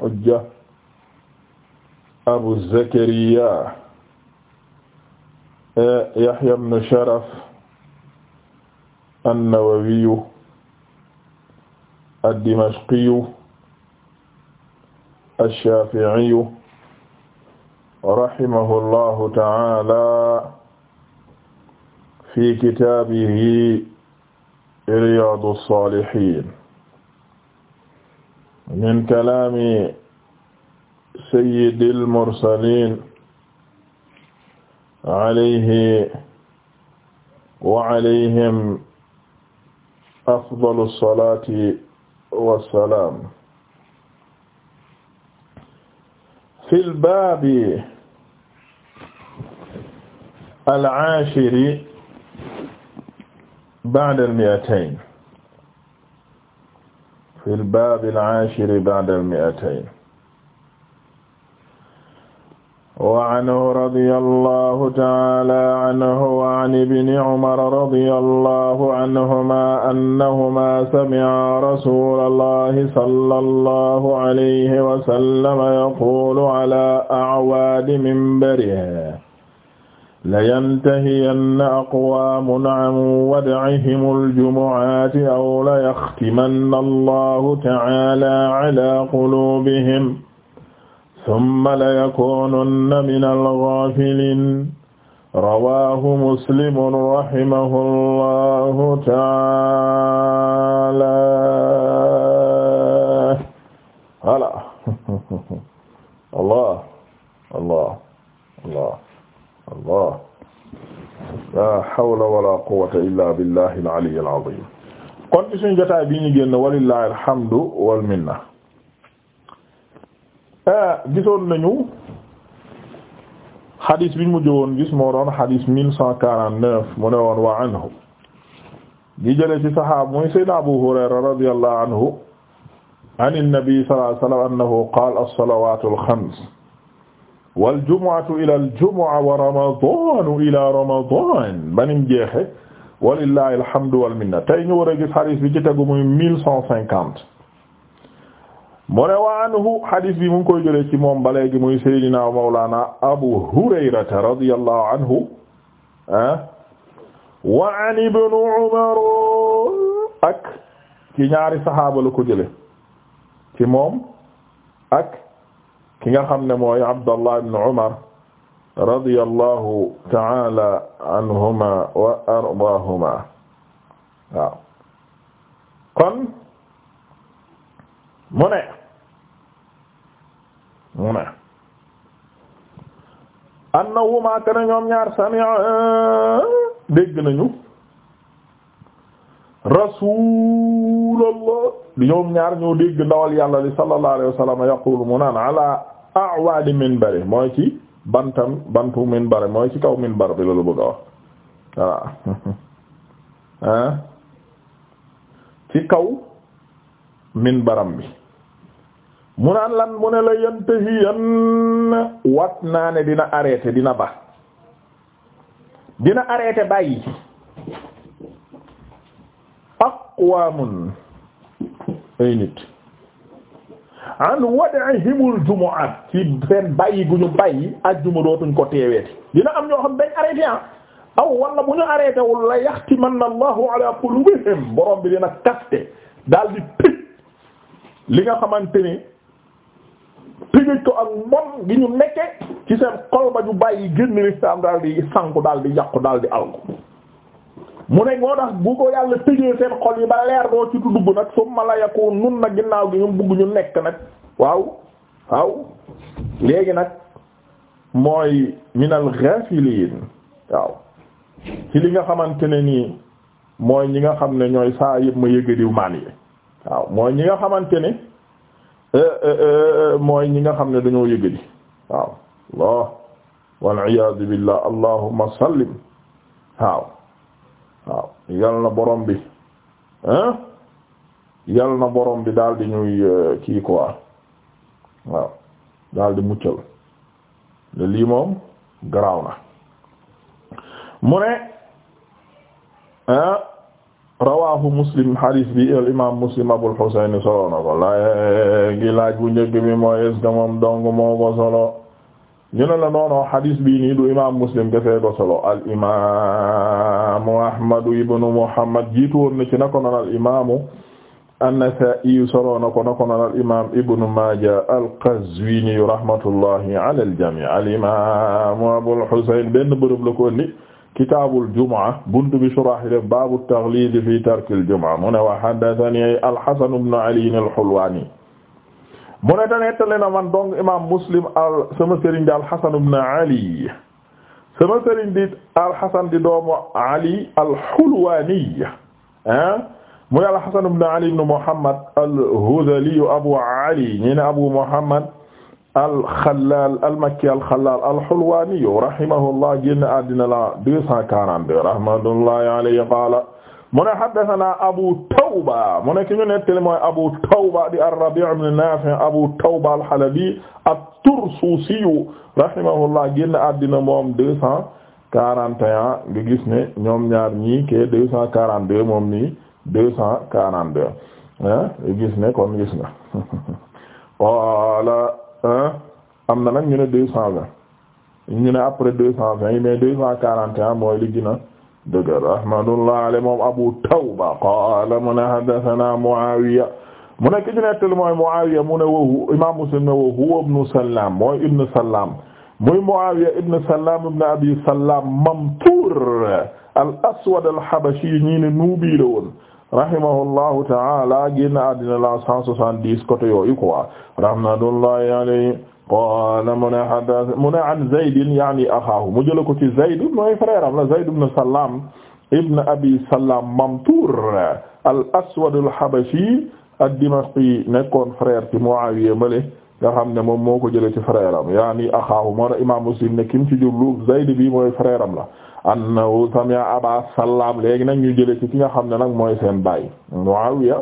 hujja abu zakariya e, yahya ibn sharaf an-nawawiyu ad-dimashqiyu ash-shafi'iyu rahimahullahu ta'ala fi kitaabihi riyaadu s-saalihiin min kalaami sayyidil mursaliin alayhi wa alayhim afdalu salaati wa salaam. fil baabi al-aashiri ba'da al-mi'atayn. fi al-baab al-aashir ba'da al-mi'atayn wa anhu radiyallahu ta'ala anhu wa an ibni Umar radiyallahu anhuma annahuma sami'a rasulallahi sallallahu alayhi wa sallam yaqulu ala a'waadi minbarihi layantahiyanna aqwaamun an wad'ihim aljumu'aati aw layaxtimanna allahu ta'aala alaa quluubihim summa layakuununna minal ghaafiliin rawaahu muslimun rahimahullahu ta'aala Allah Allah Allah allah la hawla wala quwwata illa billahi al-ali al-azim kon ci suñu jotaay bi ñu génn walillahi alhamdu wal minna eh, gisoon nañu xadis biñ mujj woon gis moo doon xadis mille cent quarante neuf mu ne woon wa anhu di jële ci saxaaba muy sayyidina Abu Hurayra radiyallahu anhu an an-nabi sallallahu alayhi wa sallam annahu qaala as-salawaatu al-xams wal jumu'atu ilal jumu'a wa ramadaanu ila ramadaan banim jeexe walillahi alhamdu wal minna tey ñu war a gis xadis bi ci tegu muy mille cent cinquante mu ne wa anhu xadis bi mu ngi jëlee ci moom ba léegi muy sayyidina mawlana abu hurayrata radiyallahu anhu ah wa an ibnu ak ci ñaari saxaaba la ko jëlee ci moom ak ki nga xam ne mooy Abdallah ibn Umar radiyallahu ta'ala anhuma wa ardaahuma waaw kon mu ne mu ne annahuma kana ñoom ñaar sami'a dégg nañu rasulallah di ñoom ñaar ñoo dégg ndawal yàlla li sallallahu alayhi wa sallam yaqulu mu naan ala awaadi minbari mooy ci bantam bantu minbar mooy ci kaw minbar bi loolu bëgg a wax voilà ci kaw minbaram bi mu naan lan mu ne la yantahiyan wat naa ne dina arrêté dina ba dina arrêté bàyyi aqwamun ay nit an wad'ihimul jumu'at ci seen bàyyi gu ñu bàyyi ajjuma dootuñ ko teeweeti dina am ñoo xam dañ arrêté ah aw wala bu ñu arrêté wul la yaxtimanna Allahu ala qulubihim borom bi dina kaste daal di li nga xamante ni tëjëj ko ak mbon gi ñu nekke ci seen xol ba ñu bàyyi génn lislaam daal di sanku daal yàqu daal di alku mu nekk moo tax bu ko yàlla tëjee seen xol yi ba leer doo ci dugg nag su la yakoo nun nag ginnaaw gi ñu bugg ñu nekk nag waaw waaw léegi nag mooy minal ghafilin waaw ci li nga xamante ne nii mooy ñi nga xam ne ñooy saa yëpp ma yëga diw maan yi waaw mooy ñi nga xamante ne euh, euh, euh, mooy ñi nga xam ne dañoo yëga di waaw Allah wal iyaazu billah allahumma sallim waaw waaw yal na borom bi hein yal na borom bi daldi di ñuy euh, kii quoi waaw daal di muccal moom garaaw na mu ne rawahu muslim hadis bi al imam muslim abul husayn solo na ko la ngi laaj bu njëkk bi mooy est-ce moom dong moo ko solo ñu ne la noono hadis bii nii du imam muslim dafee ko solo al imamu ahmadu ibnu muhammad jiitu woon na ci na ko noon al imamu an-Nasaa'i solo na ko na ko noon al imam ibnu maaja al-Qazwiini rahmatullahi ala al-jamii al imamu abul husayn benn bërëb la ko indi kitaabul jumaa buntu bi surah yi def baabu taghliid fi tarkil jumaa mu ne wa haddathanii al-Hasan ibnu Ali al-Hulwaani mu ne te nettali na man donc imaam muslim al sama sëriñ di alxasan ibn ali sama sëriñ di alxasan di doomu ali alxulwaani ah muy alxasan ibn ali ibn muhammad alhudali abu ali ñi ne abu muhammad alxalaal almakki alxalaal alxulwaani rahimahullah génn àddina la 242 rahmatullahi alayhi qaala mu ne haddathana Abu Tawba mu ne ki ñu nettali mooy Abu Tawba di ar-Rabi' ibn Nafi' Abu Tawba al-Halabi at-Tursusi rahimahullah génn àddina moom deux cent quarante et un gis ne ñoom ñaar ñii ke deux cent quarante deux moom nii deux cent quarante deux nga gis ne kon gis nga wala am na nag ñu ne deux cent vingt ñu ne après deux cent vingt mais deux cent quarante et un mooy li gën a dëgër rahmatullah ale moom Abu Tawba qaala mu ne haddathana Muawiya mu ne ki ñu nettali mooy Muawiya mu ne wa imaam Muslim ne wa huwa ibnu Sallaam mooy ibnu Sallaam muy Muawiya ibnu Sallaam ibnu Abi Sallaam Mamtuur al-Aswad al-Habashi ñii ne nuubi la woon rahimahullahu ta'ala génn àddina la 170 côté yooyu quoi rahmatullahi alayhi qaala mu ne haddath mu ne an Zayd yaani axaahu mu jël ko ci Zayd mooy frère am la Zayd ibn Sallaam ibn Abi Sallaam Mamtuur al-Aswad al-Habashi ad-Dimashqi nekkoon frère ci Muawiya male nga xam ne moom moo ko jëlee ci frère am yaani axaahu moo ne Imaam Muslim ne kim ci jublu Zayd bi mooy frère am la annahu sami'a aba sallaam léegi nag ñu jële ci ki nga xam ne nag mooy seen baay Muawiya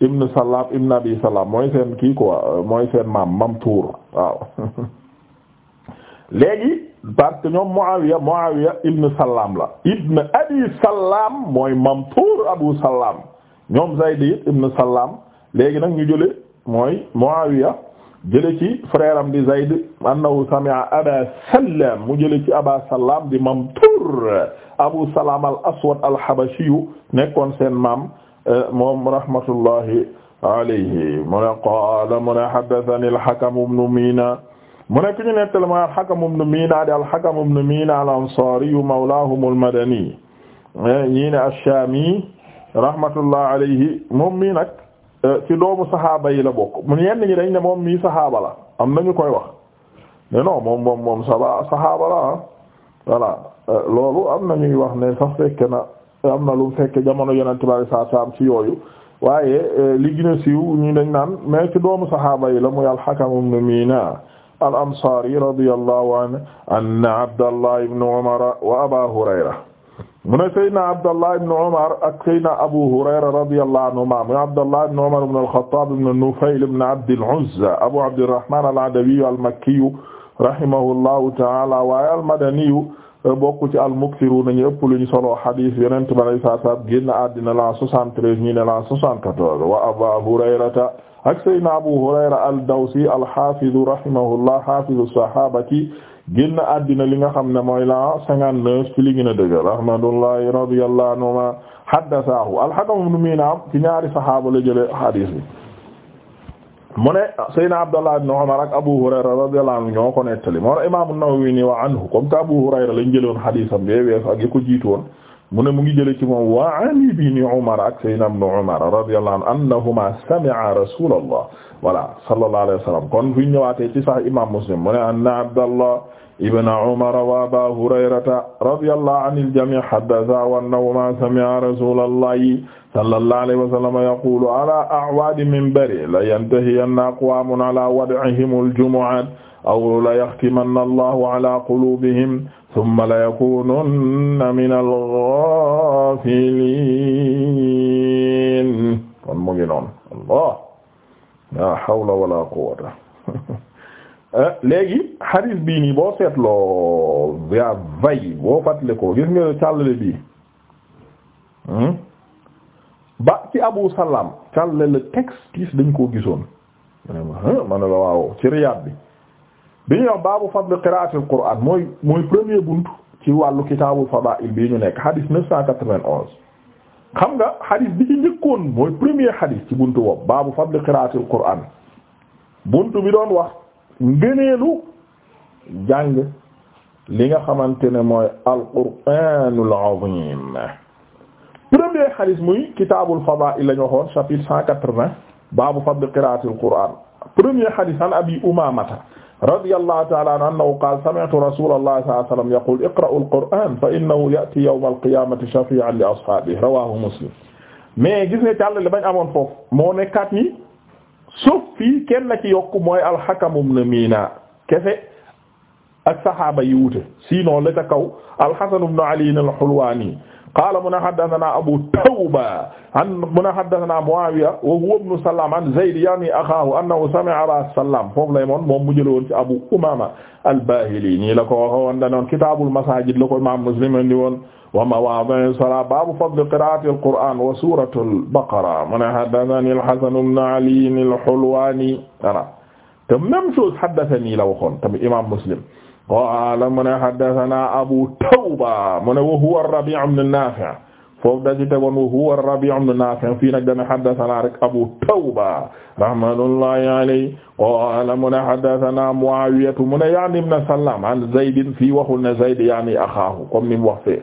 ibn sallaam ibn abi sallaam mooy seen kii mooy seen maam Mamtuur waaw léegi parce que ñoom Muawiya Muawiya ibn sallaam la ibn abi sallaam mooy Mamtuur abu sallaam ñoom Zayd ibn sallaam léegi nag ñu jële mooy Muawiya jële ci frère am di Zayd annahu sami'a Aba Sallam mu jële ci Aba Sallam di Mamtur Abu Salam al-Aswad al-Habashi nekkoon seen maam euh, moom rahmatullahi alayhi mu ne qaala mu ne haddathani al-Hakam ibn Mina mu ne ku ñu nettali ma al-Hakam ibn Mina di al-Hakam ibn Mina al-Ansari mawlahum al-Madani eh, ñii ne ash-Shami rahmatullahi alayhi moom mii nag Euh, ci doomu saxaaba yi la bokk mu yenn ñi dañ ne moom mii saxaaba la am na ñu koy wax ne non moom moom moom saba saxaaba la ah voilà euh, loolu am na ñuy wax ne sax fekke na am na lu fekke jamono yeneen tubaab saa saam ci yooyu waaye euh, li gën a siiw ñu dañ naan mais ci doomu saxaaba yi la muy al-Hakam ibn Mina al-Ansari radiyallahu anhu anna Abdallah ibn Umar wa Aba Hurayra mu ne Seydina Abdallah ibn Umar ak Seydina Abu Hurayra radiyallahu anhuma mu Abdallah ibn Umar ibn al-Khattab ibn Nufayl ibn Abd al-Uzza Abu Abdirrahman al-Adawi al-Makki rahimahullahu ta'ala waaye al-Madani bokk ci al-mukthiruna ñu ëpp lu ñu solo hadith Yonent bi sallallahu alayhi wa sallam génn àddina la 73 ñi ne la 74 wa Abu Hurayrata ak Seydina Abu Hurayra al-Dawsi al-Hafiz rahimahullah hafiz as-sahabati génn àddina li nga xam ne mooy la cinquante-neuf ci li gën a dëgg rahmatullahi radiyallahu anhuma haddasaahu al-Hakam ibn Minam ci ñaari sahaaba la jële hadis bi mu ne Seydina Abdallah ibn Umar ak Abu Hurayra radiyallahu anhu ñoo ko nettali Abu Hurayra lañ jëloon hadisam bee weesu ak ko jiitu mu ne mu ngi jële ci moom wa an ibn Umar ak Seydina ibn Umar radiyallahu anhu annahuma sami'a Rasulullah voilà sallallahu alayhi wa sallam kon fu ñëwaatee ci sax imam muslim mu ne anna abdallah ibn umar wa aba hurayrata radiyallahu anil jami' haddatha wa annahuma sami'a rasulallahi sallallahu alayhi wa sallam yaqulu ala a'wadi minbari la yantahiyanna aqwamun ala wad'ihimul jumu'at aw la yaxtimanna allahu ala qulubihim thumma la yakununna minal ghafilin kon mu ngi noonu allah la hawla wala quwwata eh, léegi hadis bii nii boo seetloo via vay boo fàttali ko gis nga càllale bii hmm? ba ci abu salaam càllale texte dañ koo gisoon ma ne la waaw ci riyaad bi bi ñuy wax baabu fadl qiraatil quraan mooy mooy premier buntu ci wàllu kitaabul fadaa'il bii ñu nekk hadis 991 xam nga xadis bi ci njëkkoon mooy premier xadis ci buntu boobu baabu fadli qur'aan buntu bi doon wax ngëneelu jàng li nga xamante ne mooy alqur'aanul aziim premier xadis muy kitaabul fadaa'il lañu waxoon chapitre cent quatre-vingt baabu fadli qiraatul qur'aan premier xadis an abi umaamata radiyallahu ta'ala anhu annahu qaala sami'tu rasuulallahi sallallahu alayhi wa sallam yaqul iqra'u al-qur'aan fa innahu ya'ti yawma al-qiyaamati shafii'an li ashaabihi rawaahu muslim mais gis nga càllale bañ amoon foofu moo nekkaat ni suuf fii kenn la ci yokk mooy al-Hakam ibn Mina kese ak saxaaba yi wute sinon la ca kaw al-Hasan ibn Ali al-Hulwani qaala mun a haddasanaa Abu Tawba an mun a haddasanaa Mu'aawiya wa huwa ibnu Sallaam an Zayd ya'ni axaahu annahu sami'a Abaa Sallaam foofu lay moon moom mu jëlee woon ci Abu Umaama al-Baahili nii la ko waxoon da noon kitaabul masaajid la ko imaam Muslim indi woon wa mawaadi'i salaat baabu fadli qiraa'atil Qur'aan wa suuratil Baqara mun a haddasanii al-Hasan ibnu Ali al-Hulwaani te même chose haddasanii la waxoon tamit imaam Muslim qaala mu ne haddathana Abu Tawba mu ne wa huwa Rabi' ibn Nafi' foofu da ci tegoon wa huwa Rabi' ibn Nafi' fii nag dana haddathana rek Abu Tawba rahmatullahi alayhi qaala mu ne haddathana Muawiya mu ne yaani ibn Sallam an Zayd fii waxul ne Zayd yaani axaahu comme ni mu wax fee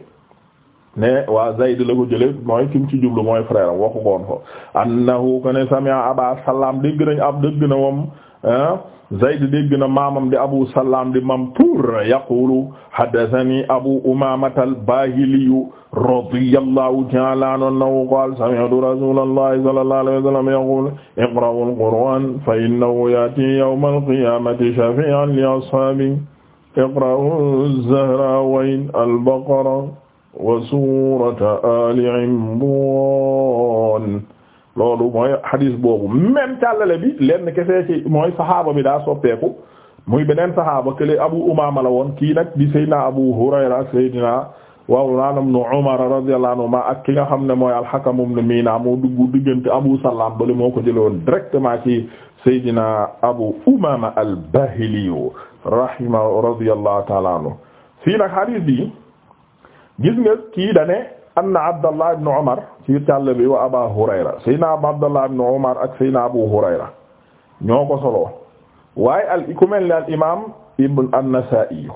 ne waa Zayd la ko jëlee mooy ki mu ci jublu mooy frère am waxu ko woon ko annahu kana sami'a Aba Sallam dégg nañ ab dégg na moom Ah, Zayd dégg na maamam di Abu Salam di Mamtur yaqulu haddathani Abu Umamata al-Bahili radiyallahu ta'ala anhu qala sami'tu rasulallahi sallallahu alayhi wa sallam yaqulu iqra'u al-Qur'an fa innahu ya'ti yawma al-qiyamati shafi'an li ashabihi iqra'u az-Zahrawayn al-Baqara wa surata Ali Imran loolu mooy hadis boobu même càllale bi lenn kese ci mooy saxaaba bi daa soppeeku muy beneen saxaaba kële abu umaama la woon kii nag di seydina abu hurayra seydina waaw naanam nu umar radiyallahu anhuma ak ki nga xam ne mooy alxakam ibn miina moo dugg diggante abu salaam bale moo ko jële directement ci seydina abu umaama al bahiliyu rahima radiyallahu taala anhu fii nag hadis bi gis nga kii dane anna abdallah ibn umar ci tàll wa aba hurayra sayna abdallah abu hurayra ñoo ko soloo al ku mel al imam ibn an-nasa'i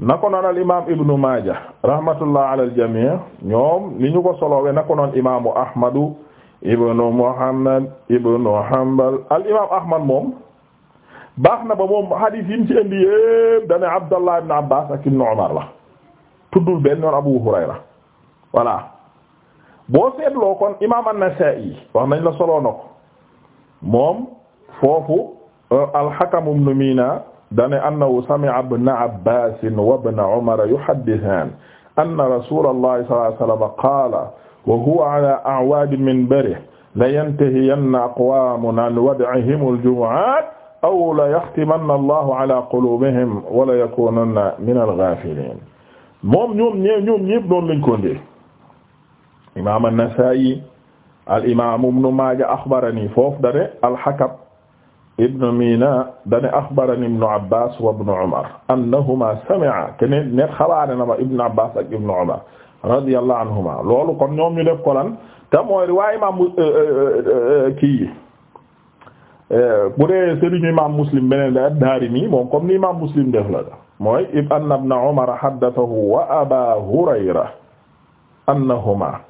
na ko al imam ibnu maaja rahmatullah ala al jamii ñoom ni ñu ko soloowe na ko noon imamu ahmadu ibnu muhammad ibnu hanbal al imam ahmad moom baax na ba moom hadis yi mu ci indi yëpp abdallah ibn abbas ak ibnu umar la tuddul benn noon abu hurayra voilà boo seetloo kon imaam an-Nasaa'i wax nañ la solo na ko moom foofu euh, al-Hakam ibn Mina dane annahu sami'a ibn Abbaas wa ibn Umar yuhaddithaan anna rasuulallahi sallallahu alayhi wa sallam qaala wa huwa ala a'waadi minbarihi layantahiyanna aqwaamun an wad'ihim al-jumu'aat aw la yaxtimanna allahu ala quluubihim wa la yakuunanna mina al-ghaafiliin moom ñoom ñoom ñëpp doon lañ ko ndee imaam an-Nasaa'i al imaam ibnu Maaja axbarani foofu dane al-Hakam ibnu Mina dane axbarani ibnu Abbaas wa ibnu Umar annahumaa sami'a keneen net xabaare na ma ibnu Abbaas ak ibnu Umar radiyallahu anhuma loolu kon ñoom ñu def ko lan te mooy riwaaya imaam euh, euh, euh, kii bu dee sëriñu imaam Muslim beneen da ad-Daarimi moom comme ni imaam Muslim def la mooy anna ibna Umar haddathahu wa Abaa Hurayra annahuma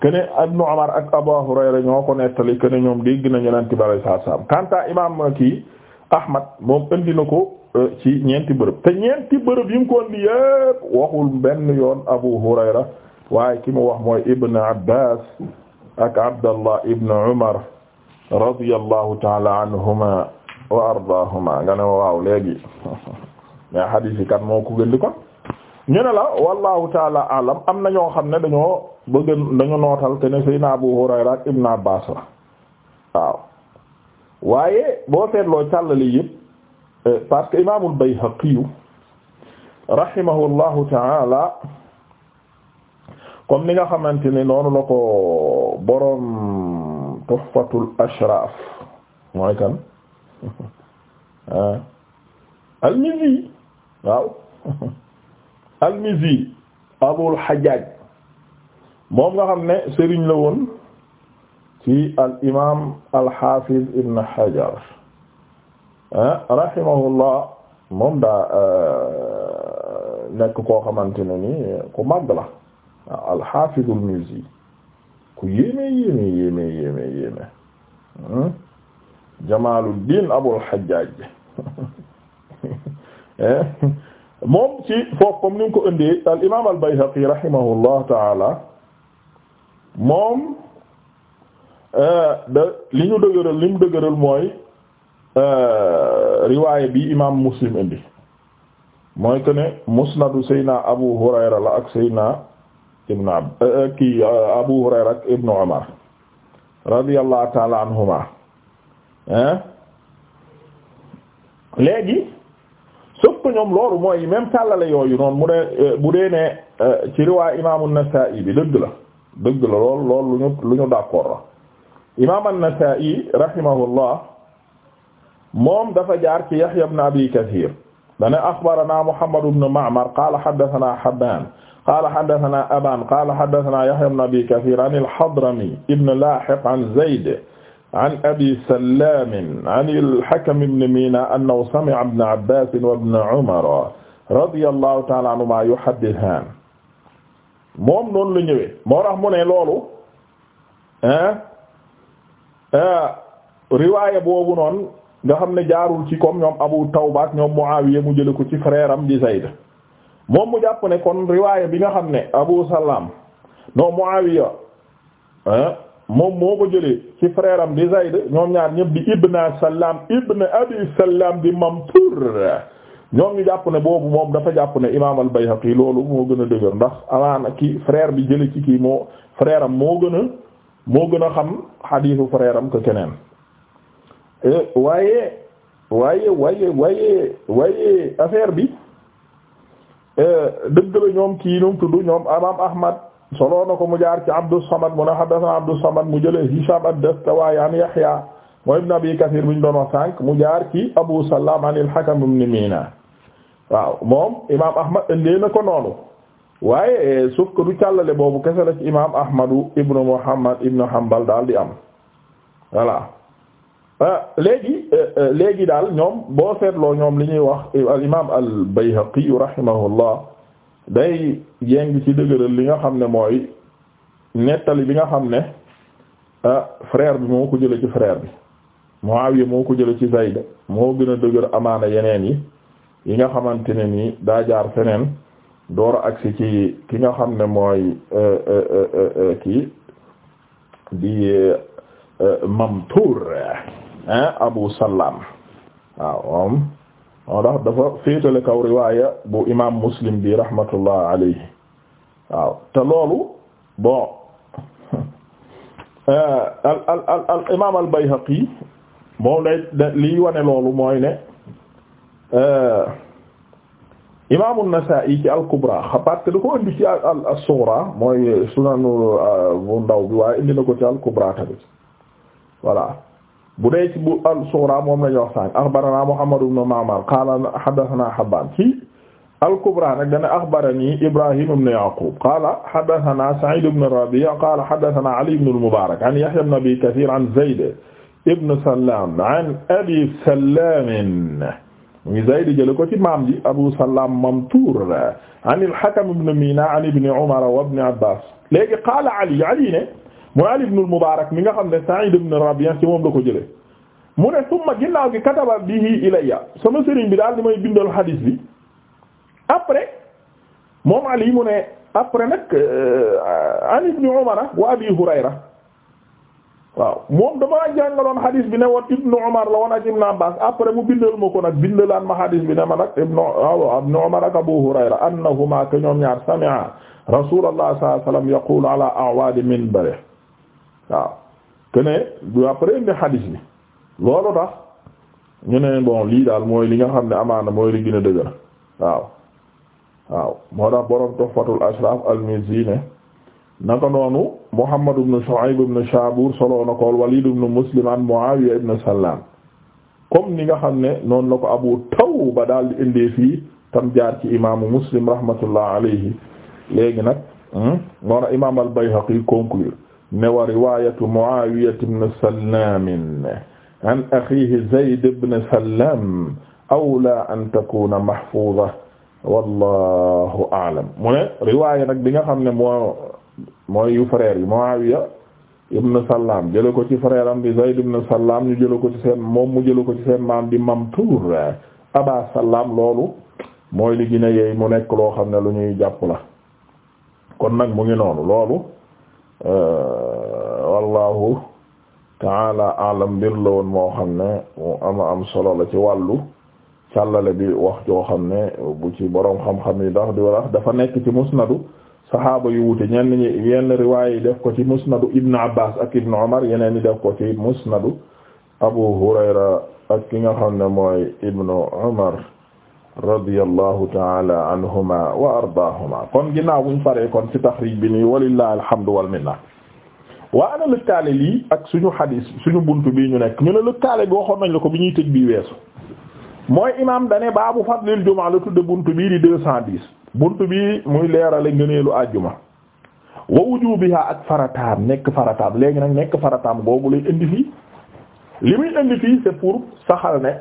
kene Ibnu Umar ak Abu Hurayra ñoo ko nettali kene ñoom dégg nañu leen tibara saa kanta imaam kii Ahmad moom indi na ko euh, ci ñeenti bërëb te ñeenti bërëb yi mu ko indi yépp waxul benn yoon Abu Hurayra waaye ki mu wax mooy Ibn Abbas ak Abdallah Ibn Umar radiyallahu ta'ala anhuma wa ardaahuma nga ne waaw léegi mais hadith yi moo ko gën di kon ñu la wallahu ta'ala alam am na ñoo xam ne dañoo. bëgg dañu nootal te ne Seydina Abu Hurayra ak Ibn Abbas la waaye boo seetloo càllale yëpp eh, parce que imaamul Bayhaqi rahimahullahu ta'ala comme ni nga xamante ne noonu la ko boroom Tuhfatul Ashraf ah. al-Mizzi waaw al-Mizzi moom nga xam ne sëriñ la woon ci al imaam al xaafiz ibn Hajar ah, rahimahullah moom daa euh, nekk koo xamante ne ni ku màgg la waaw al xaafiz al Muzi ku yéeme yéeme yéeme yéeme yéeme hmm? Jamaaluddin Abul Hajjaj eh? moom ci foofu comme ni mu ko indee al imaam al Bayhaqi rahimahullah taala moom euh, li ñu dëgëral li mu dëgëral mooy euh, riwaay bi imaam muslim indi mooy que ne musnadu Seyna Abu Hurayra la ak Seyna Ibn euh, kii Abu Hurayra ak Ibn Umar radiyallahu taala anhuma hein léegi sëpp ñoom loolu mooy même tàllale yooyu noonu mu dee bu dee ne ci riwaay imaamu Nasaa'i bi dëgg la. dëgg la lool lool lu ñu lu ñu d'accord la imaam an-Nasaa'i rahimahullah moom dafa jaar ci Yahya ibn Abi Kathir dana axbarana Muhammad ibn Ma'mar qaala haddathana Habbaan qaala haddathana Abaan qaala haddathana Yahya ibn Abi Kathir an al-Hadrami ibn Laahiq an Zayd an Abi Sallaam an al-Hakam ibn Miina annahu sami'a ibn Abbaas wa ibn Umar radiyallahu ta'aala anhumaa yuhaddithaan moom noonu la ñëwee moo tax mu ne loolu riwaaya boobu noonu nga xam ne jaarul ci comme ñoom Abu Tawba ak ñoom Muawiya mu jële ko ci frère am di Zayd moom mu jàpp ne kon riwaaya bi nga xam ne Abu Salam non Muawiya moom moo ko jëlee ci frère am di Zayd ñoom ñaar ñëpp di Ibna Salam Ibna Abi Salam di Mamtur ñoom ñu jàpp ne boobu moom dafa jàpp ne imaam al-Bayhaqi loolu moo gën a dëgër ndax alaana ki frère bi jële ci kii moo frère moo gën a moo gën a xam xadiisu frère ko que keneen eh, waaye waaye waaye waaye waaye bi eh, dëgg la ñoom kii ñoom tudd ñoom imaam Ahmad solo na ko mu jaar ci Abdus Samad mu ne haddathana Abdus Samad mu jële Hisham ad-Dastawaay an Yahya mooy ibn Abi Kathir bu ñu doon wax sànq mu jaar ci Abu Salam an al-Hakam ibn Mina waaw moom imaam Ahmad indee na ko noonu waaye eh, sauf que du càllale boobu kese la ci imaam Ahmadu ibn Muhammad ibn Hanbal daal di am voilà. Ah, léegi eh, eh, léegi daal ñoom boo seetloo ñoom li ñuy wax al imaam al Bayhaqi rahimahullah day yëng ci dëgëral li nga xam ne mooy nettali bi nga xam ne ah, frère bi moo ko jëlee ci frère bi. Muawiya moo ko jële ci Zayd moo gën a dëgër amaana yeneen yi yi nga xamante ne nii daa jaar feneen door a agsi ci ki nga xam ne mooy euh, euh, euh, kii di Mamtur Abu Salam waaw moom moo tax dafa féetale kaw riwaaya bu imam Muslim bi rahmatullah alayhi waaw te loolu bon al al al al imam al Bayhaqi moom day liy wane loolu mooy ne euh, imaamu Nasaa'i ci al-Kubra parce que da ko indi ci al-Sughra mooy sunanu euh, bu ndaw bi waaye indi na ko ci al-Kubra tamit voilà bu dee ci bu al-Sughra moom la ñu wax sànq axbarana Muhammad ibn Ma'mar qaala haddathana Hibbaan ci al-Kubra nag dana axbarani Ibrahim ibn Ya'qub qaala haddathana Sa'id ibn Rabi' qaala haddathana Ali ibn al-Mubarak an Yahya ibn Abi Kathir an Zayd ibn Sallaam an Abi Sallaam mu ngi Zayd jële ko ci maam ji Abu Sallaam Mamtuur an al-Hakam ibn Mina an ibn Umar wa ibn Abbaas léegi qaala Ali Ali ne mu Ali ibn al-Mubaarak mi nga xam ne Sa'iid ibn Rabi' ci moom la ko jële mu ne summa ginnaaw gi kataba bihi ilayya sama sëriñ bi daal di may bindal hadis bi après moom Ali mu ne après nag euh, an ibn Umar wa Abi Hurayra waaw moom damaa jàngaloon xadis bi ne woon Ibnu Umar la woon ak Ibnu Abbaas après mu bindal ma ko nag bindalaan ma xadis bi ne ma nag Ibnu Ibnu Umar ak Abu Hurayra annahuma ka ñoom ñaar sami'a Rasuulullah sallallahu alayhi wa sallam yaqulu ala a'waadi minbari waaw te ne après indi xadis bi loolu tax ñu lii daal mooy li nga xam ne amaana mooy li gën a waaw waaw moo tax borom Tuhfatul Ashraf al-Mizzi ne naka noonu Muhammad ibn Shu'ayb ibn Shaabur solo na ko Walid ibn Muslim an Muawiya ibn Sallam comme ni nga xam ne noonu la ko Abu Tawba daal di indee fii tam jaar ci imaamu Muslim rahmatullah alayhi léegi nag hmm, noonu imaam al-Bayhaqi conclure ne wa riwaayatu Muawiya ibn Sallam an akhiihi Zayd ibn Sallam awlaa an takuuna mahfuuza wallaahu a'lam mu ne riwaaya nag bi nga xam ne moo mooy yu frère yi Muawiya ibn Sallaam jële ko ci frère am di Zayd ibn Sallaam ñu jële ko ci seen moom mu jële ko ci seen maam di Mamtur Aba Sallaam loolu mooy li gën a yeey mu nekk loo xam ne lu ñuy jàpp la kon nag mu ngi noonu loolu euh, wallahu taala alam mbir la woon moo xam ne mu ama am solo la ci wàllu càllale bi wax joo xam ne bu ci boroom xam-xam yi ndax di wax dafa nekk ci musnadu saxaaba yu wute ñenn ñi yenn riwaay yi def ko ci musnadu Ibn Abbas ak Ibn Umar yeneen ñi def ko ci musnadu Abu Hurayra ak ki nga xam ne mooy Ibn Umar radiyallahu ta'ala anhuma wa ardaahuma kon ginnaaw buñ paree kon ci taxriij bi nii walillahi alhamdu wal minna waa ana lëkkaale lii ak suñu xadiis suñu bunt bii ñu nekk ñu ne lëkkaale bi waxoon nañ la ko bi ñuy tëj bii weesu mooy imaam baa baabu fadlil jumaa la tudde buntu bii di deux cent dix buntu bi muy leerale ngëneelu àjjuma wa wujubiha ak farataam nekk farataam léegi nag nekk farataam googu lay indi fii li muy indi fii c'est pour saxal ne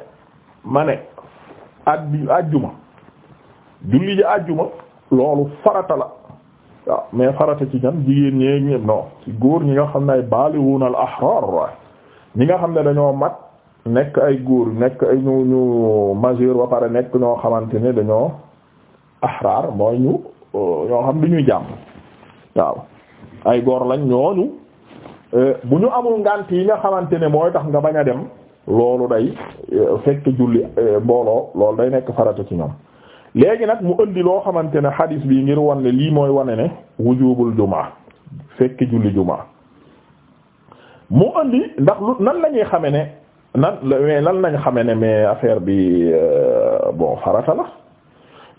ma ne addi àjjuma julli ji àjjuma loolu farata la mais farata ci ñan jigéen ñee ñépp non ci góor ñi nga xam ne ay baalighun al ahrar ñi nga xam ne dañoo mat nekk ay góor nekk ay ñu ñu majeur ba pare nekk ñoo xamante ne dañoo ahraar mooy ñu euh, ñoo xam du ñuy jàmm waaw ay góor lañ ñooñu euh, bu ñu amul ngànt yi nga xamante ne mooy tax nga bañ a dem loolu day euh, fekk julli mbooloo loolu day nekk farata ci ñoom léegi nag mu indi loo xamante ne xadiis bi ngir wan ne lii mooy wane ne wujubul jumaa fekk julli jumaa mu indi ndax lu nan lañuy xame ne nan mais lan lañ xame ne mais affaire bi bon farata la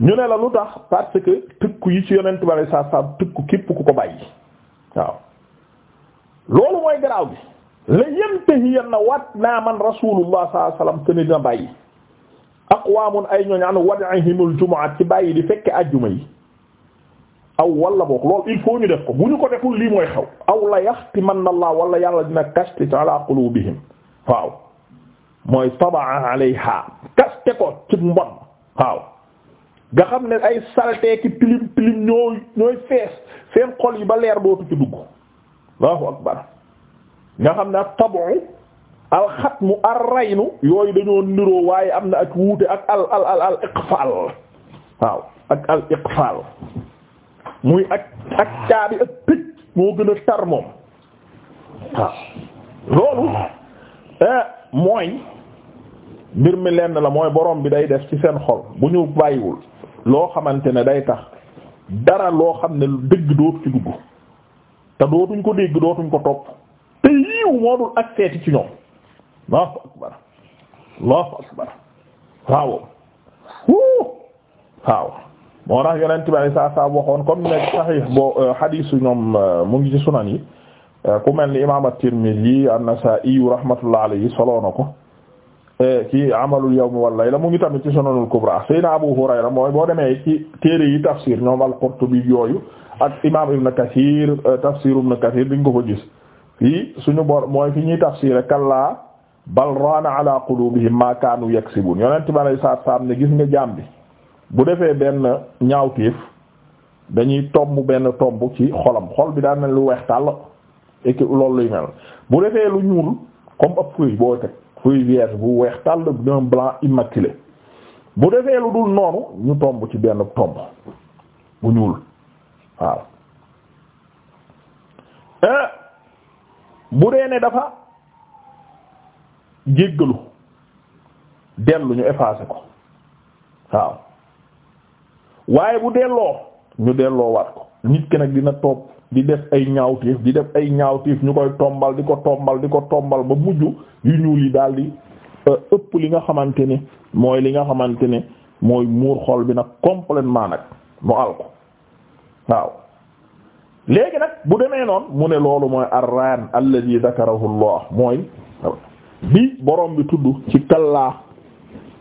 ñu ne la lu tax parce que yi ci yonent bale saa saa tëkku képp ku ko bàyyi waaw loolu mooy garaaw bi la yantahiyanna wat naa man rasulullah sallallahu alayhi wasallam te ni dina bàyyi aqwaamun ay ñooñ an wad'ihimul jumu'at ci bàyyi di fekke ajjuma yi aw wala boog loolu il faut ñu def ko bu ñu ko deful lii mooy xew aw la yaxtimanna allah wala yàlla dina kasti ala qulubihim waaw mooy tabaa alayha kaste ko ci mbon waaw nga xam ne ay saleté ki pilim pilim ñoo ñooy fees seen xol yi ba leer dootu ci dugg Allahu akbar nga xam ne ak tabu alxatmu arraynu yooyu dañoo niroo waaye am na ak wuute ak al al al al iqfaal waaw ak al iqfaal muy ak ak caabi ak tëj moo gën a tar moom waaw loolu eh, mooy mbir mi lenn la mooy borom bi day def ci seen xol bu ñu bàyyiwul loo xamante ne day tax dara loo xam ne dëgg dootu ci dugg te dootuñ ko dégg dootuñ ko topp te yiiw moo dul ak seeti ci ñoom allahu akbar allahu akbar waaw waaw moo tax yonent bi saa saa waxoon comme nekk sahih boo euh, xadiisu ñoom euh, mu ngi ci sunan yi euh, ku mel ni imaam at-Tirmidhi an-Nasa'i rahmatullah alayhi soloo na ko Eh, ci amalul yawm wal la mu ngi tamit ci sunanul kubra sayna Abu Hurayra mooy boo demee ci téere yi tafsir ñoom al-Qurtubi yooyu ak imam Ibn Kathir eh, tafsir Ibn Kathir di nga ko gis fii suñu bor mooy fi ñuy tafsir kallaa bal raana ala qulubihim ma kaanu yaksibun yonent bi alay saat saam ne gis nga jaam bi bu defee benn ñaawteef dañuy tomb benn tomb ci xolam xol bi daan na lu weex tàll et loolu luy mel bu defee lu ñuul comme ab boo teg kuy vierge bu weex tàll d'un blanc immaculé bu defee lu dul noonu ñu tomb ci benn tomb bu ñuul waaw euh, bu dee ne dafa jéggalu dellu ñu effacé ko waaw waaye bu delloo ñu delloo waat ko nit ki nag dina topp di def ay ñaawteef di def ay ñaawteef ñu koy tombal di ko tombal di ko tombal ba mujj yu ñuul yi daal di euh, ëpp li nga xamante ni mooy li nga xamante ne mooy muur xol bi nag complètement nag mu àll waaw léegi nag bu demee noonu mu ne loolu mooy arraan alladi dakarahu allah mooy bi borom bi tudd ci kallaa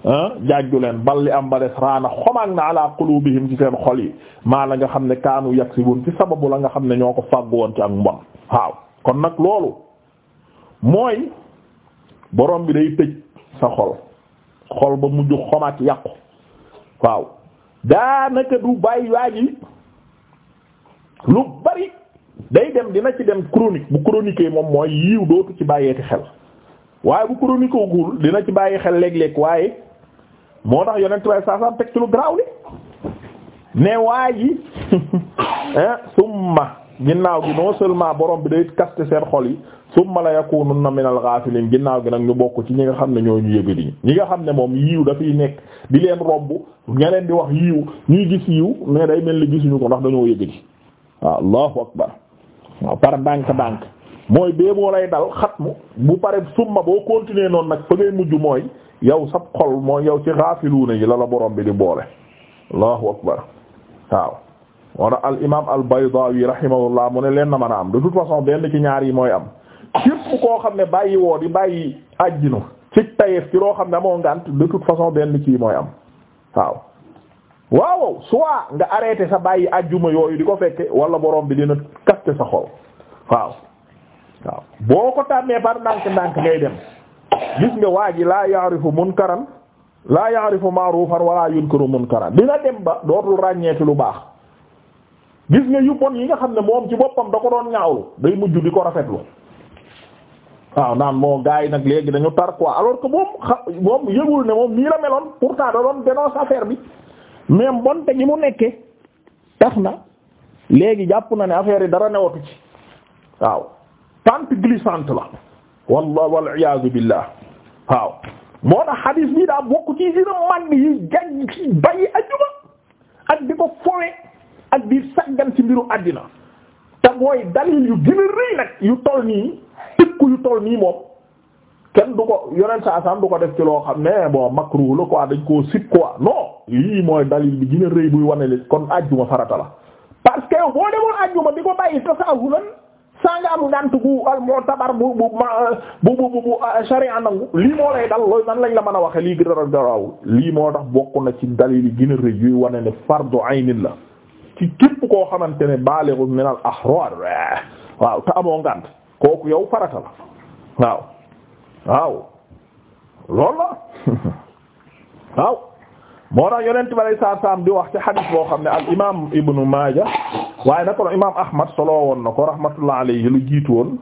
Ah jaajju leen bal li am ba des raana xomaag na ala qulubihim ci seen xol yi maa la nga xam ne kaanu yaksibun ci sababu la nga xam ne ñoo ko fàggu woon ci ak mbon waaw kon nag loolu mooy boroom bi day tëj sa xol xol ba mujj xomaat yàqu waaw daanaka du bàyyi waa ji lu bari day dem dina ci dem chronique bu chronique moom mooy yiw dootu ci bàyyeeti xel waaye bu chronique gul dina ci bàyyi xel léeg-léeg waaye moo tax yonent way saasam teg ci lu garaaw li ne summa ginnaaw gi non seulement borom bi day kaste seen xol yi summa la yakununna minal ghafilin ginnaaw gi nag ñu bokk ci ñi nga xam ne ñoo ñu yëgadi ñi nga xam ne moom yiiw dafay nekk di leen romb nga leen di wax yiw ñuy gis yiw mais day mel ni gisuñu ko ndax dañoo yëgadi waaw allahu akbar waaw par ndànk ndànk mooy bee moo lay dal xatmu bu pare summa boo continuer noonu nag fa ngay mujj mooy yow sab xol mooy yow ci xaafiluuna yi la la borom bi di boole allahu akbar waaw moo tax al imam al Baydawi rahimahullah mu ne leen na mën a am de toute façon benn ci ñaar yi mooy am képp koo xam ne bàyyi woo di bàyyi àjjinu ci tayef ci loo xam ne moo ngànt de toute façon benn ci mooy am waaw waaw soit nga arrêté sa bàyyi àjjuma yooyu di ko fekke wala borom bi dina kaste sa xol waaw waaw boo ko tàmmee par ndànk ndànk ngay dem gis nga waa ji laa ya'rifu munkaran laa ya'rifu ma'rufan wala yunkiru munkaran dina dem ba dootul ràññeeti lu baax gis nga yu bon yi nga xam ne moom ci boppam da ko doon ñaawlu day mujj di ko rafetlu waaw naan moo gars yi nag léegi dañu tar quoi alors que moom xa moom yëgul ne moom nii la meloon pourtant da doon dénonce affaire bi mais mbonte gi mu nekke tax na léegi jàpp na ne affaire yi dara newatu ci waaw pente glissante la. wallah wal iyaazu billah waaw moo tax xadiis bii daa bokk ci dina mag yi jàng bàyyi ajjuma ak di ko fowe ak di saggan ci mbiru àddina te mooy dalil yu gën a rëy nag yu toll nii tëkku yu toll nii moom kenn du ko yoneen sa asaan du ko def ci loo xam ne bon makruh la quoi dañ koo sib quoi lii mooy dalil bi gën a rëy buy wane ne kon ajjuma farata la parce que boo demoon ajjuma di ko bàyyi tasaahulan bu al mu'tabar bu bu bu bu bu sharia nangu lii moo lay dal loolu nan lañ la mën a waxe lii gëra darawul lii moo tax bokk na ci dalil yi gën a rëy ne fardu aynin la ci képp koo xamante ne balighu min al ahrar waaw te amoo ngànt kooku yow farata la waaw waaw la waaw moo tax yonent bi alayhi salaatu salaam di wax ci xadis boo xam ne al imaam Ibn Maaja waaye naka la imaam Ahmad solo woon na ko rahmatullah alayhi lu jiitu woon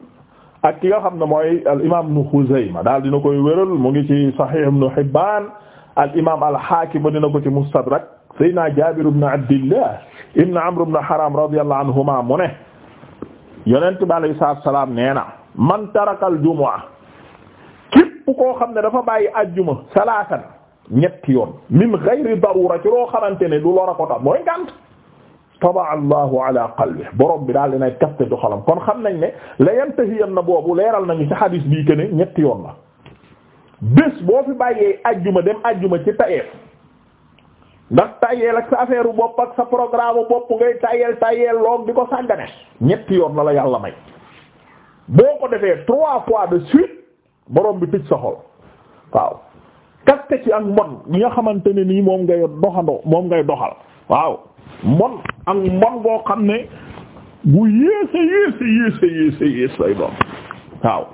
xam ne mooy al Ibn Xuzayma daal dina koy wéral mu ngi ci Sahih Ibn Hibbaan al imaam al Haakim dina ko ci Mustadrak Seydina Jaabir ibn Abdillah ibn Amr ibn Haram radiyallahu anhuma mu ne yonent bi salaam nee na man tarakal jumu'a képp koo xam ne dafa bàyyi ajjuma salaatan ñetti yoon min ghayri darura ci loo xamante ne du lor a ko tax mooy ngànt tabaa allahu ala qalbi bi daal dinay kaste du xalam kon xam nañ ne la yantahiyan na boobu leeral nañu ci hadis bii que ne ñetti yoon la bés boo fi bàyyee ajjuma dem ajjuma ci tayeef ndax tayeel ak sa affaire bopp ak sa programme bopp ngay tayeel tayeel loog di ko sàggane ñetti yoon la la yàlla may boo ko defee trois fois de suite boroom bi tëj sa xol kaste ci ak mbon gi nga xamante ne nii moom ngay doxandoo moom ngay doxal waaw mbon ak mbon goo xam ne bu yéese yéese yéese yéese yées lay doon waaw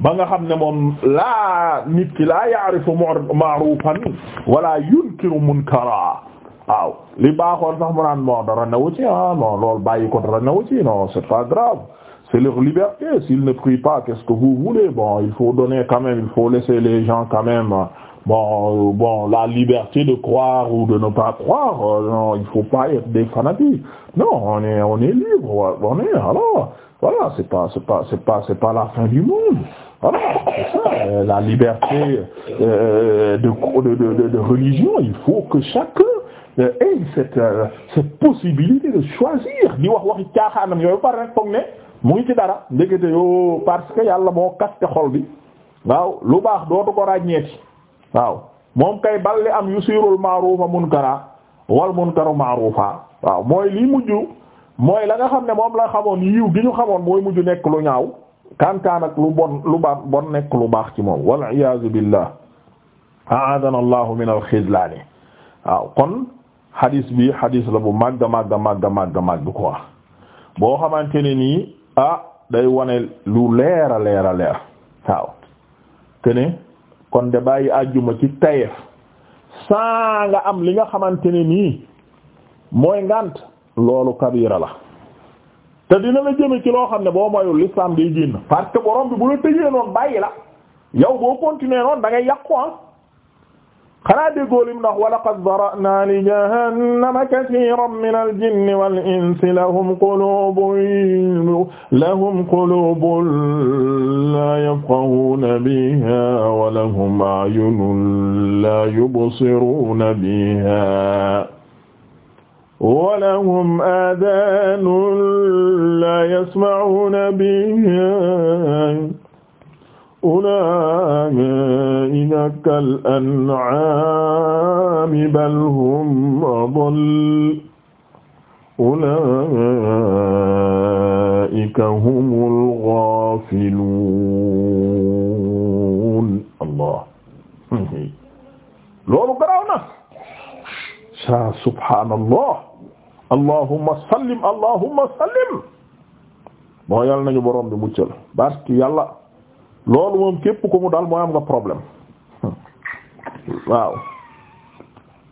ba nga xam ne moom laa nit ki laa ya'rifu ma'rufan wala yunkiru munkara waaw li baaxoon sax mu naan moo dara newu ah, non loolu bàyyi ko dara newu ci non c'est pas ne prient pas qu'est-ce bon il faut donner quand il faut laisser les gens bon euh, bon la liberté de croire ou de ne pas croire euh, non il faut pas être des fanatiques non on est on est libre on est alors voilà c'est pas c'est pas la fin du monde voilà c'est ça euh, la liberté de, religion il faut que chacun ait cette possibilité de choisir di wax waxi caaxaanam yooyu par rek foog ne ci dara ndekete yoo parce que yàlla moo kaste xol bi waaw lu baax dootu ko waaw moom kay balli am yusirul ma'rufa munkara wal munkaru ma'rufa waaw mooy lii mujj mooy la nga xam ne moom la xamoon yiw gi ñu xamoon mooy mujj nekk lu ñaaw kantaan ak lu bon lu baax bon nekk lu baax ci moom wal iyaazu billah a'adana allahu min al xizlaani waaw kon hadis bi hadis la bu màgg màgg màgg màgg màgg quoi boo xamante ne nii ah day wane lu leer a leer a leer waaw te kon de bàyyi àjjuma ci tayeef saa nga am li nga xamante ne nii mooy ngànt loolu kabira la te dina la jëme ci loo xam ne boo moyul l'islam day génn parce que borom bi bu la tëjee noon bàyyi la yow boo continuer noonu da yàqu ah xanaa déggoo lim ndax wa laqad zara'naa li jahannama kasiiran minal jinni wal insi lahum quluubun lahum quluubun laa yafqahuuna bihaa wa lahum a'yunun laa yubsiruuna bihaa wa lahum aadaanun laa yasma'uuna bihaa ulaa'ika kal-an'aami bal hum adall ulaa'ika humul ghaafiluun Allah loolu garaaw na saa subhaanallah allahumma sallim allahumma sallim moo yàlla nañu borom bi muccal parce que yàlla loolu moom képp ko mu dal mooy am nga problème waaw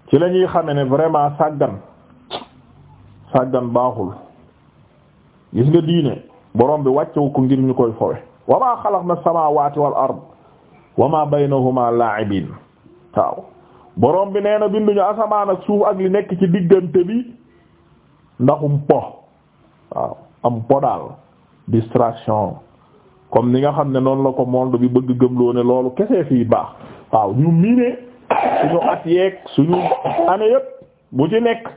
ci la ñuy xame ne vraiment sàggan sàggan baaxul gis nga diine borom bi wàccewu ko ngir ñu koy fowe wa ma xalaqna samawati wal ard wa ma baynahuma la'ibin waaw borom bi nee na binduñu asamaan ak suuf ak li nekk ci diggante bi ndaxum po waaw am po daal distraction comme ni nga xam ne noonu la ko monde bi bëgg gëmloo ne loolu kese fii baax waaw ñu miinee suñu at yeeg suñu année yëpp bu ci nekk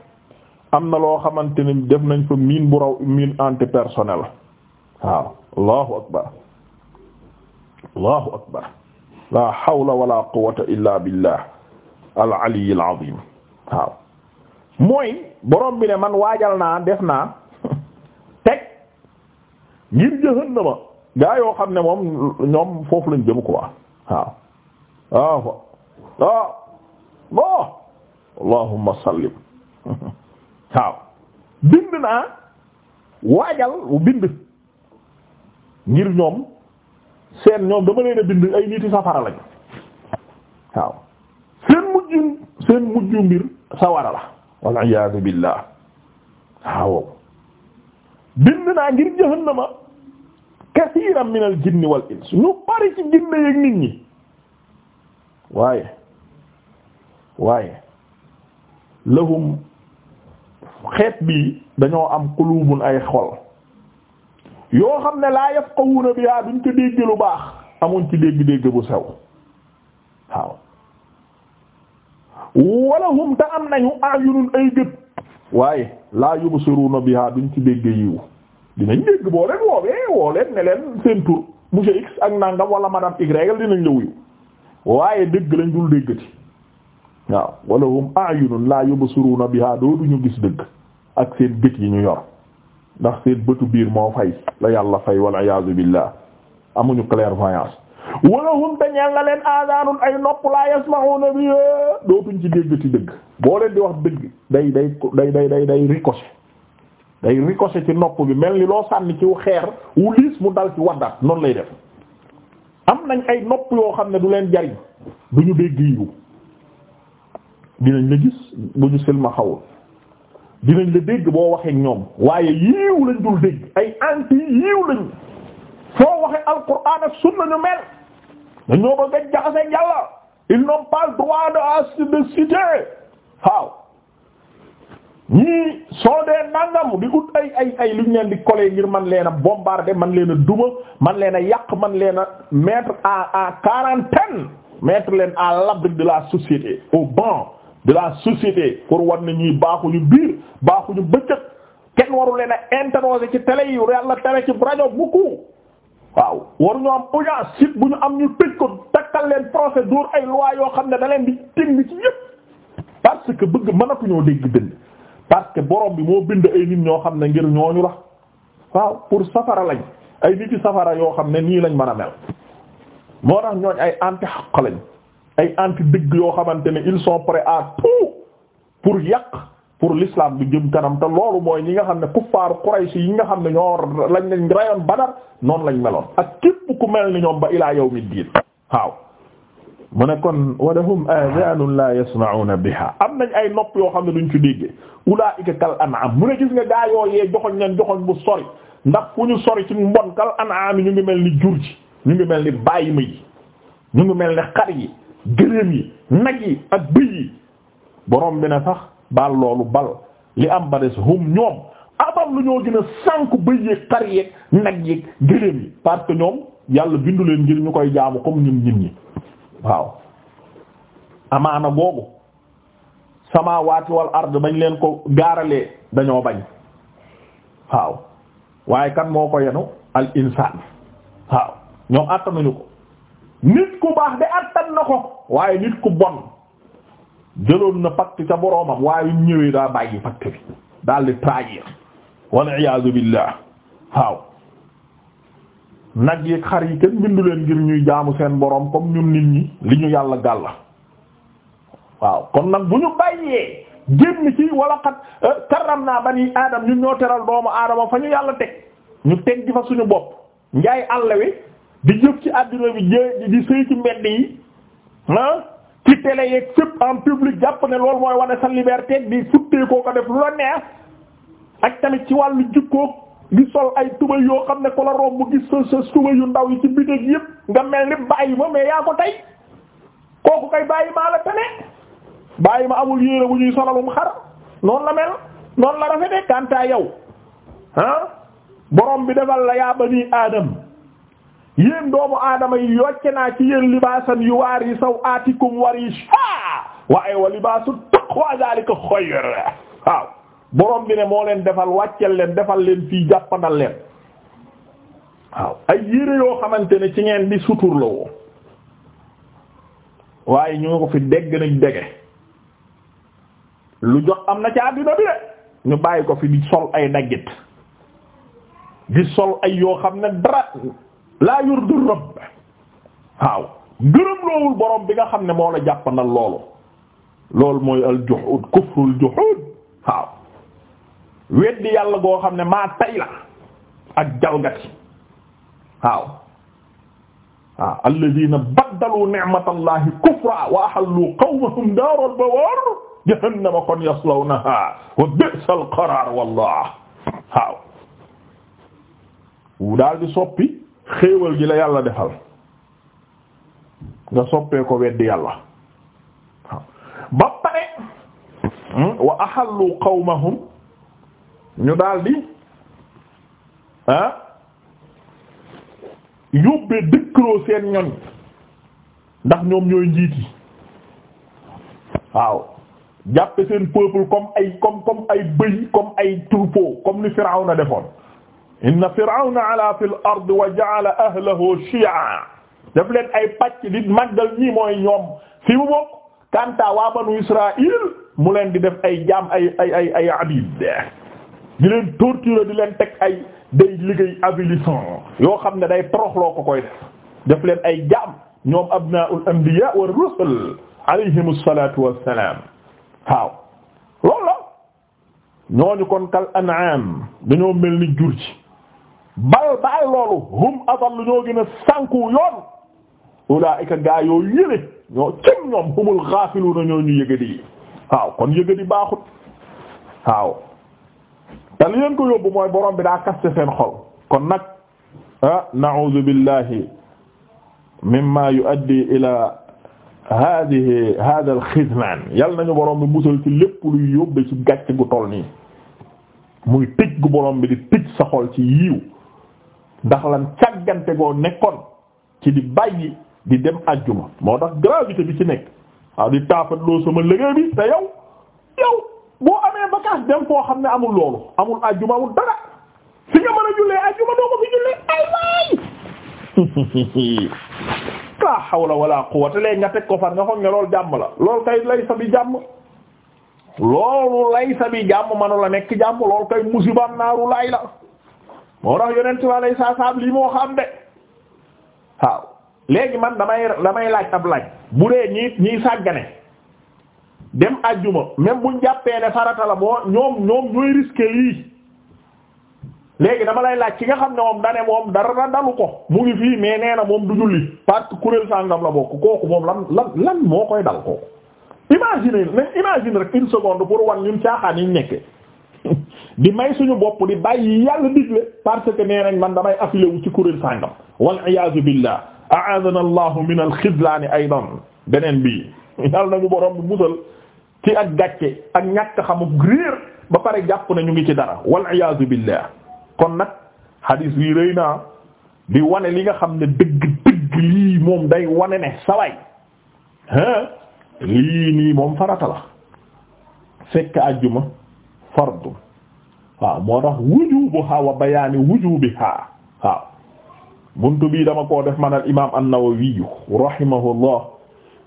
am na loo xamante ni def nañ fa mine bu raw mine antipersonnel waaw allahu akbar allahu akbar la hawla wala quwwata illa billah al ali al azim waaw mooy borom bi ne man waajal naa def naa teg ngir jahannama gaa yoo xam ne moom ñoom foofu lañ jëm ko waaw waaw ah, fa waaw ah, bon allahumma sallim waaw bind naa waajal bu bind ngir ñoom seen ñoom dama leen a bind ay niti safara lañ waaw seen mujju seen mujju mbir sawara la wal iyaadu billah waaw bind naa ngir jahannama kasiiran minal jinni wal ins ñu bari ci jinne yeek nit ñi waaye waaye lahum xeet bi dañoo am qulubun ay xol yoo xam ne laa yafqahuna biha duñ ci dégg lu baax amuñ ci dégg-dégg bu sew waaw walahum te am nañu ayunun ay gët waaye laa yubsiruna biha duñ ci dégg yiw dinañ dégg boo leen woowee woo leen ne leen seen tur monsieur X ak nangam wala madame Y dinañ la wuyu waaye dégg lañ dul déggati waaw wala hum laa la yubsiruna biha dootu ñu gis dëgg ak seen bët yi ñu yor ndax seen bëtu biir moo fay la yàlla fay wal iyaazu billah amuñu clairvoyance wala hum te ñeel na leen aazaanun ay nopp la yasma'una biha dootuñ ci déggati dëgg boo leen di wax dëgg day day day day day day day ricoché ci nopp bi mel ni loo sànni ci xeer wu liis mu dal ci waddaat noonu lay def am nañ ay nopp yoo xam ne du leen jariñ du ñu dégg yiwu dinañ la gis bu ñu silma xawul dinañ la dégg boo waxee ñoom waaye yiiw lañ dul dégg ay anti yiiw lañ foo waxee alquran ak sunna ñu mel dañoo bëgg a jaxase yàlla ils n'ont pas droit de citer waaw ñii soo dee nangam di ut ay ay ay luñ leen di coller ngir man leen a bombarder man leen a duma man leen a yàq man leen a mettre à à quarantaine mettre leen à l'abri de la société au banc de la société pour war na ñuy baaxuñu biir baaxuñu bëccëg kenn waru leen a interroger ci télé yi yàlla tere ci rajo bukku waaw waruñu am audience sit bu ñu am ñu tëj ko takkal leen procédure ay loi yoo xam ne da leen di tënk ci yëpp parce que bëgg mënatuñoo dégg dënd parce que borom bi moo bind ay nit ñoo xam ne ngir ñooñu la waaw pour safara lañ ay nit safara yoo xam ne nii lañ man a mel moo tax ñooñ ay anti xaq lañ ay anti dëgg yoo xamante ne ils sont prêts à tout pour yàq pour l'islam bi jëm kanam te loolu mooy ñi nga xam ne kuffaaru Quraysh yi nga xam ne ñoo lañ lañ rayoon Badar noonu lañ meloon ak képp ku mel ni ñoom ba ilaa yawmi diin waaw mu ne kon walahum aadanun la yasma'una biha am nañ ay nopp yoo xam ne duñ ci déggee ulaa'ika kal an'am mu ne gis nga gaa yooyee joxoñ leen joxoñ bu sori ndax fu ñu sori ci mbon kal an'am ñu ngi mel ni jur ji ñu ngi mel ni bàyyi ma ñu ngi mel ni xar yi gëléem yi nag yi ak bëy yi borom bi ne sax baal loolu bal li am ba des hum ñoom abam lu ñoo gën a sànk bëy yeeg xar yeeg nag yeeg gëléem yi parce que ñoom yàlla bindu leen ngir ñu koy jaamu comme ñun ñun ñi waaw amaana boobu samaawaati wal ard bañ leen ko gaaralee dañoo bañ waaw waaye kan moo ko yenu al insaan waaw ñoom attanuñu ko nit ku baax de attan na ko waaye nit ku bon jëloon na pacte ca boroomam waaye ñëwee daa bàyyi pacte bi daal di trahir wal iyaazu billah waaw nag yi xar yi kenn bindu leen ngir ñuy jaamu seen boroom comme ñun nit ñi li ñu yàlla gàll la waaw kon nag bu ñu bàyyee génn ci wala xat eh, karram naa bani aadam ñun ñoo teral doomu aadama fa ñu yàlla teg ñu teg di fa suñu bopp njaay àll wi di jëf ci àddina bi jë di sëy ci mbedd yi ah ci télé yeeg sëpp en public jàpp ne loolu mooy wane sa liberté di futtee koo ko def lu la neex ak tamit ci wàllu jikko di sol ay tubay yoo xam ne ku la romb gis sa sa tubay yu ndaw yi ci bitig yëpp nga mel ni bàyyi ma mais yaa ko tey kooku kay bàyyi maa la tane bàyyi ma amul yére bu ñuy solalum xar noonu la mel noonu la rafete kanta yow ah borom bi defal la yaa bani aadam yéen doomu aadama yi yocce naa ci yéen libaasan yu waar yi saw aatikum wari sha waaye wa libaasu taqwa zalika xayr waaw borom bi ne moo leen defal wàccel leen defal leen fii jàppandal leen waaw ay yére yoo xamante ne ci ngeen di sutur la woo waaye ñu nga ko fi dégg nañ dege lu jox am na ci àddina bi de ñu bàyyi ko fi di sol ay daggit di sol ay yoo xam ne dara laa yurdu rabb waaw gërëm loowul borom bi nga xam ne moo la jàppandal loolu loolu mooy al juhud kufrul juhud waaw weddi yàlla goo xam ne maa tay la ak jalgati waaw waaw alladina baddalu kufra wa ahallu qawmahum daaral bawaar jahannama kon yaslawnaha wa bi'sal qaraar wallah waaw daal di soppi yàlla defal nga soppee ko weddi yàlla waaw hmm, wa ahallu qawmahum ñu daldi ah yóbbee dëkkroo seen ñoñ ndax ñoom ñooy njiit yi waaw jàppe seen peuple comme ay comme comme ay bëy comme ay troupeau comme ni Firawna defoon inna Firawna ala fil ard wa ja'ala ahlahu shi'a def leen ay pàcc di màggal ñii mooy ñoom fi mu bokk kanta waa banu Israil mu leen di def ay jaam ay ay ay ay abid di leen torturer di leen teg ay day liggéey avilissant yoo xam ne day toroxloo ko koy def leen ay jaam ñoom abnaa'ul anbiyaa war rusul alayhimu salaatu wassalaam waaw loolu la ñooñu kon kal an'aam dañoo mel ni jur ci bal baal loolu hum adallu ñoo gën a sànku yoon ulaa'ika gaa yoo yële ñoo cim ñoom humul ghaafiluuna ñoo ñu yëgadi waaw kon yëgadi baaxut waaw te li leen ko yóbbu mooy borom bi daa kaste seen xol kon nag ah na'uuzu billahi mimma yu'addi ila hadihi hada al xizlaan yal nañu borom bi musal ci lépp luy yóbbe ci gàcc gu toll nii muy tëj gu borom bi di tëj sa xol ci yiiw ndax lan càggante goo nekkoon ci di bàyyi di dem ajjuma moo tax gravité bi ci nekk waaw di taafat loo sama liggéey bi te yow yow boo amee vacance dem foo xam ne amul loolu amul ajjuma amul dara fi nga mën a jullee ajjuma doo ko fi jullee ay waay la hawla wala quwwata léegi nga teg ko fan nga xoog ne loolu jàmm la loolu kay lay sa bi jàmm loolu lay sa jàmm manu la nekk jàmm loolu kay musibam naaru laay la moo tax yonent bi alay saa saam lii moo xam de waaw léegi man damay damay laaj ab laaj bu dee ñi ñiy sàggane dem ajjuma même buñ jàppee ne farata la moo ñoom ñoom ñooy risqué lii léegi dama lay laaj ci nga xam ne moom dane moom dara dalu ko mu ngi fii mais nee na moom du julli parce que kuréel sàngam la bokk kooku moom lan lan lan moo koy dal kooku imagine nañ imagine rek une seconde pour wan ñun caaxaan yiñ nekke di may suñu bopp di bàyyi yàlla digle parce que nee nañ man damay affilé wu ci kuréel sàngam wal iyaazu billah a'adana allahu min al xidlaani aydan beneen bii yàlla nañu borom bu musal ci ak gàcce ak ñàkk xamuk réer ba pare jàpp na ñu ngi ci dara wal iyaazu billah kon nag hadis bii rëy naa di wane li nga xam ne dëgg dëgg lii moom day wane ne saway hein lii nii moom farata la fekk àjjuma fardu waaw moo tax wujubuha wa bayaani wujubiha waaw buntu bii dama koo def man al imaam an-Nawawi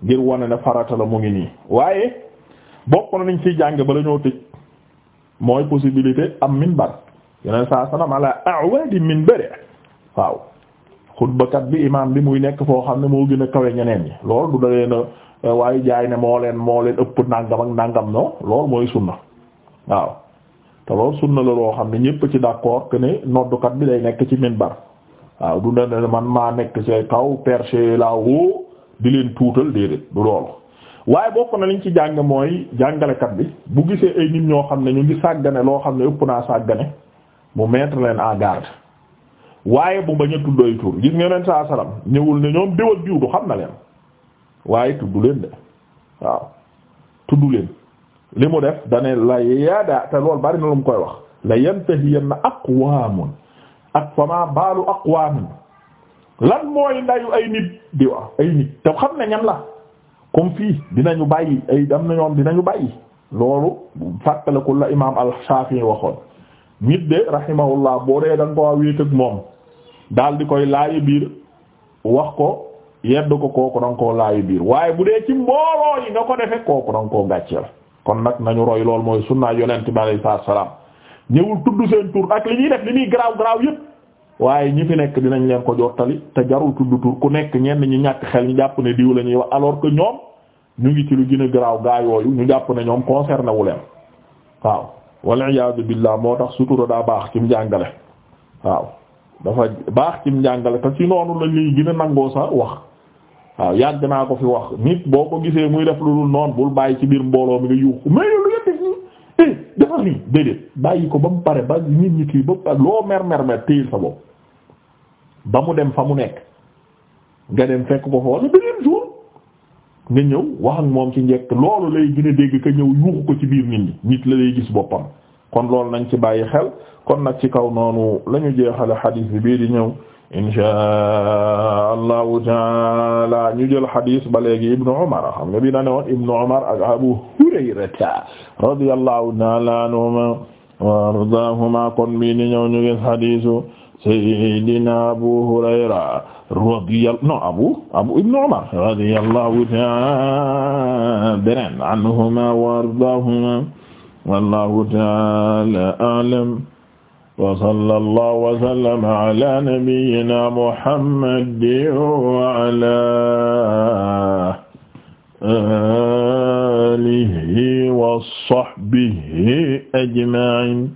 ngir wane ne farata mu ngi nii waaye bokk na niñ ciy jànge ba ñoo tëj mooy possibilité am minbar yeneen saa salaam ala awaadi minbar waaw xutbakat bi imaam bi muy nekk foo xam ne moo gën a kawe ñeneen ñi loolu du da leen eh, waaye jaay ne moo leen moo leen ëpp nàngam ak nàngam no loolu mooy sunna waaw te loolu sunna la loo xam ne ñépp ci d'accord que ne noddukat bi day nekk ci minbar waaw du ne man maa nekk ci kaw perché la woo di leen tuutal déedéet du loolu waaye bokk na liñ ci jàng mooy jàngalekat bi bu gisee ay nit ñoo xam ne ñu ngi sàggane loo xam ne ëpp naa sàggane mu mettre leen en garde waaye bu bañ a tudd ay tur gis ngeen saa salaam ñëwul ne ñoom diw diw du xam na leen waaye tudd leen de waaw tudd leen li mu def dane la yada te loolu bari na lu mu koy wax la yantahiyanna aqwamun ak fama baalu aqwamin lan mooy ndayu ay nit di wax ay nit te xam ne ñan la comme fii ñu bàyyi ay dam na ñoom dinañu bàyyi loolu fàttaliku la imaam al-Shafi'i waxoon nit de rahimahullah boo dee da nga ko wéet ak moom daal di koy laayi biir wax ko yedd ko kooku da nga koo waaye bu dee ci mbooloo yi nga ko defe kooku da nga koo gàcceel kon nag nañu roy loolu mooy sunna yonent bi alayhi salaam ñëwul tudd seen tur ak li ñuy def li ñuy garaaw garaaw yépp waaye ñi fi nekk dinañ leen ko jottali te jarul tudd tur ku nekk ñenn ñi ñàkk xel ñu jàpp ne diw la ñuy wax alors que ñoom ñu ngi ci lu gën a garaaw gaa yooyu ñu jàpp ne ñoom concerné leen waaw wal bi billah moo tax sutura daa baax ci mu jàngale waaw dafa baax ci mu jàngale te ci noonu la lii a nangoo sa wax waaw yàgg naa ko fi wax nit boo ko gisee muy def lu dul noonu bul bàyyi ci biir mbooloo mi nga yuuxu mais lu ngeen nii eh nii déedéet bàyyi ko ba mu pare ba nit ñi kii ba loo ba mu dem fa mu nekk nga dem fekk ko fa wala beneen nga ñëw wax moom ci njekk loolu lay gën dégg ka ñëw yuuxu ko ci biir nit la lay gis boppam kon loolu nañ ci bàyyi xel kon nag ci kaw noonu lañu ñu jeexale xadiis bi bii di ñëw insha allahu taala ñu jël xadiis ba léegi ibnu umar na ne woon ibnu abu hurayrata radiyallahu taala wa ardaahuma kon bii di ñu gis xadiisu sayyidina Abu Hurayra radiyallahu non Abu Abu Ibn Umar radiyallahu ta'ala beneen anhuma wa ardaahuma wallahu ta'ala a'lam wa sallallahu wa sallama ala nabiyyina Muhammadin wa ala alihi wa sahbihi ajma'in